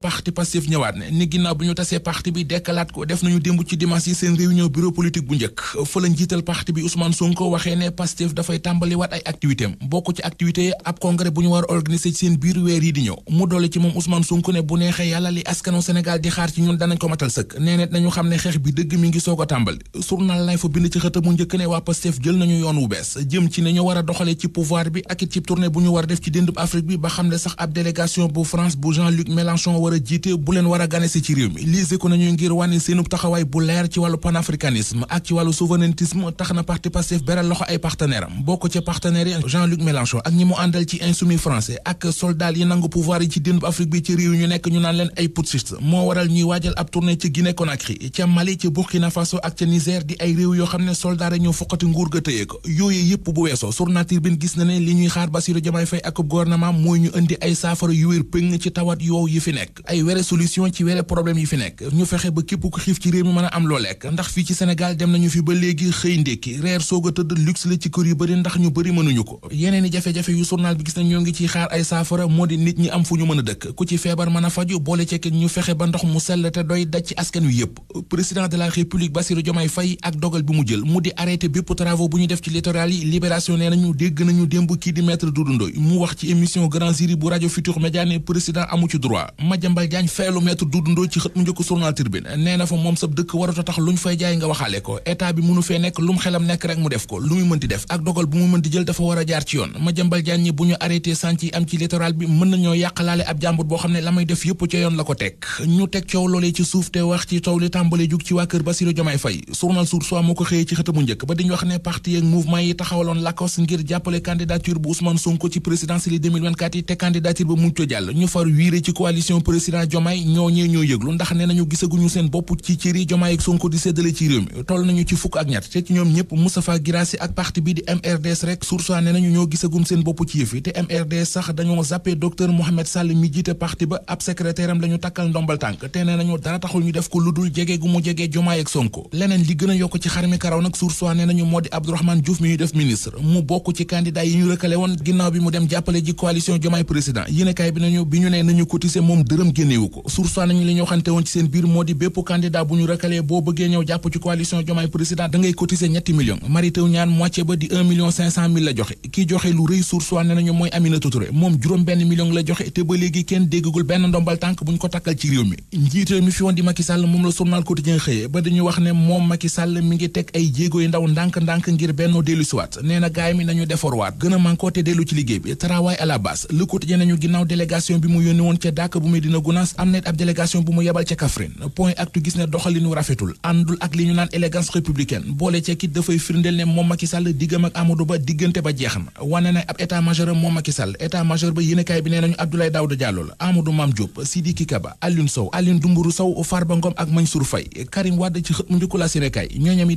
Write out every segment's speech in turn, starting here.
parti Pastef ñëwaat ni ginnaaw bi ñu tasee parti bi dekkalaat ko def nañu démb ci dimanche yi seen réunion bureau politique bu njëkk fa njiital parti bi Ousmane Sonko waxee ne Pastef dafay tàmbaliwaat ay activité bokk ci activité ab congrès bu ñu war a organiser ci seen biir weer yi di ñëw mu doole ci moom Ousmane Sonko ne bu neexee yàlla li askanu Sénégal di xaar ci ñun danañ ko matal sëkk nee nañu xam ne xeex bi dëgg mi ngi soog a tàmbali journal it ci tournée bu ñu war a war a bu leen war a ganesi ci réew mi lise ko nañuy ngir wànne seenub taxawaay bu leer ci wàllu panafricanisme ak ci wàllu souverainisme tax na parti Pastef beral loxo ay partenaire am bokk ca partenaires yi Jean-Luc Mélenchon ak ñi mu àndal ci insoumis français ak soldat yi nangu pouvoir yi ci dénb Afrique bi ci réew ñu nekk ñu naan leen ay putschistes moo waral ñuy waajal ab tournée ci Guinée Conakry ca Mali ca Burkina Faso ak ca Niger di ay réew yoo xam ne soldat ñoo foqati nguur ga tëye ko yooyu yëpp bu weesoo surnaat Tribune gis na ne li ñuy xaar Bassirou Diomaye Faye ak gouvernement ñu indi ay saafara yu wér péng ci tawat yoow yi fi nekk ay were solution ci were problème yi fi nekk ñu fexe ba képp ku xiif ci réew mi mën a am loo lekk ndax fii ci Sénégal dem nañu fi ba léegi xëy ndékki reer soog a tëdd luxe la ci kër yu bëri ndax ñu bëri mënuñu ko yeneen i jafe-jafe yu journal bi gis nañ ñoo ngi ciy xaar ay saafara moo nit ñi am fu ñu mën a dëkk ku ci feebar mën a boole ceek ñu fexe ba ndox mu sell te doy daj ci askan wi yëpp président de la république Bassirou Diomaye Faye ak dogal bi mu jël mu di arrêté bépp travaux bu ñu def ci littoral yi libération nee nañu dégg nañu démb kii di maître Doudou Ndoye mu wax ci émission Grand Jury bu rajo Futur Média Madiambal mën nañoo yàqalaale ab jàmbur boo xam ne la may def yëpp ca yoon la ko teg ñu teg coow loolee ci suuf te wax ci coow li tàmbale jug ci waa kër Bassirou Diomaye Faye journal Source A moo ko xëyee ci xët njëkk ba diñ wax ne parti ak mouvement yi taxawaloon lakos ngir jàppale candidature bu Ousmane Sonko ci présidentielle 2024 te candidature ba muñ ko jàll ñu far wiire ci coalition président Diomaye ñooñee ñoo yëglu ndax ne nañu gisaguñu seen bopp ci cëri Diomaye Sonko di séddale ci réew mi toll nañu ci fukk ak ñett te ci ñoom ñëpp Moustapha Guirassy ak parti bi di MRDS rek sursoit ne nañu ñoo gisagum seen bopp ci yëf yi te MRDS sax dañoo zappé docteur Mohamed Sall mi jiite parti ba ab secrétaire am takkal ndombal tànk te ne nañu dara taxul ñu def ko lu dul jege gu mu jege Diomaye ak Sonko leneen li gën yokk ci xarmi karaw yoon nañu li ñu woon ci seen biir moo di bépp candidat bu ñu rakalee boo bëggee ñëw jàpp ci coalition Diomaye président da ngay ñetti millions Mary Teuw Niane moitié ba di un la joxe kii joxe lu rëy sursoit ne nañu mooy Aminata Touré moom juróom benn million la joxe te ba léegi kenn déggagul benn ndombal tànk bu ñu ko takkal ci réew mi njiital mi fi woon di Macky Sall moom la journal quotidien xëyee ba dañu wax ne moom Macky Sall na Gounass am net ab délégation bu mu yebal ca Kaffrine point actu gis ne doxalinu rafetul àndul ak li ñu naan élégance républicaine boole ca dafay firndeel ne moom Macky Sall diggam ak Amadou Ba diggante ba jeex na wane na ab état majeur moom Macky Sall état majeur ba yéenekaay bi nee nañu Abdoulaye Daouda Diallo la Amadou Mame Diop Sidiki Kaba Alioune Sow Alioune Doumboury Sow Farba Ngom ak Mansour Faye Karim Wade ci xët mu njëkk ñooñam yi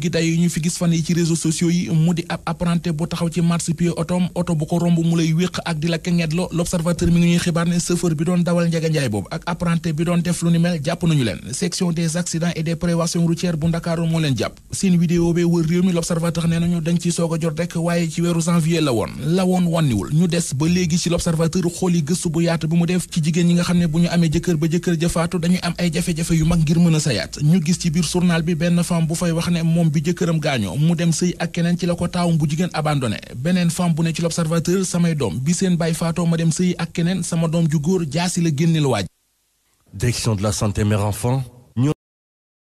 di ñu fi gis fan yi ci réseaux sociaux yi mu di ab apprenti bu taxaw ci marchepied otom oto bu ko romb mu lay wéq ak di la kengetloo l'observateur mi ngi ñuy xibaar ne chauffeur bi doon dawal njaganjaay boobu ak apprenti bi doon def lu ni mel jàpp nañu leen section des accidents et des préventions routières bu Ndakaaru moo leen jàpp seen vidéo bee wër réew mi l'observateur nee nañu dañ ciy a jot rek waaye ci weeru janvier la woon la woon wanniwul ñu des ba léegi ne bu ñu amee jëkkër a sayaat ñu gis bi benn jëkkëram gaañoo mu dem sëy ak keneen ci la ko taawum bu jigéen abandonné beneen femme bu ne ci l'observateur samay doom bi seen baay faatoo ma dem sëy ak keneen sama doom ju góor jaasi la génnil waaj direction de la santé mère enfant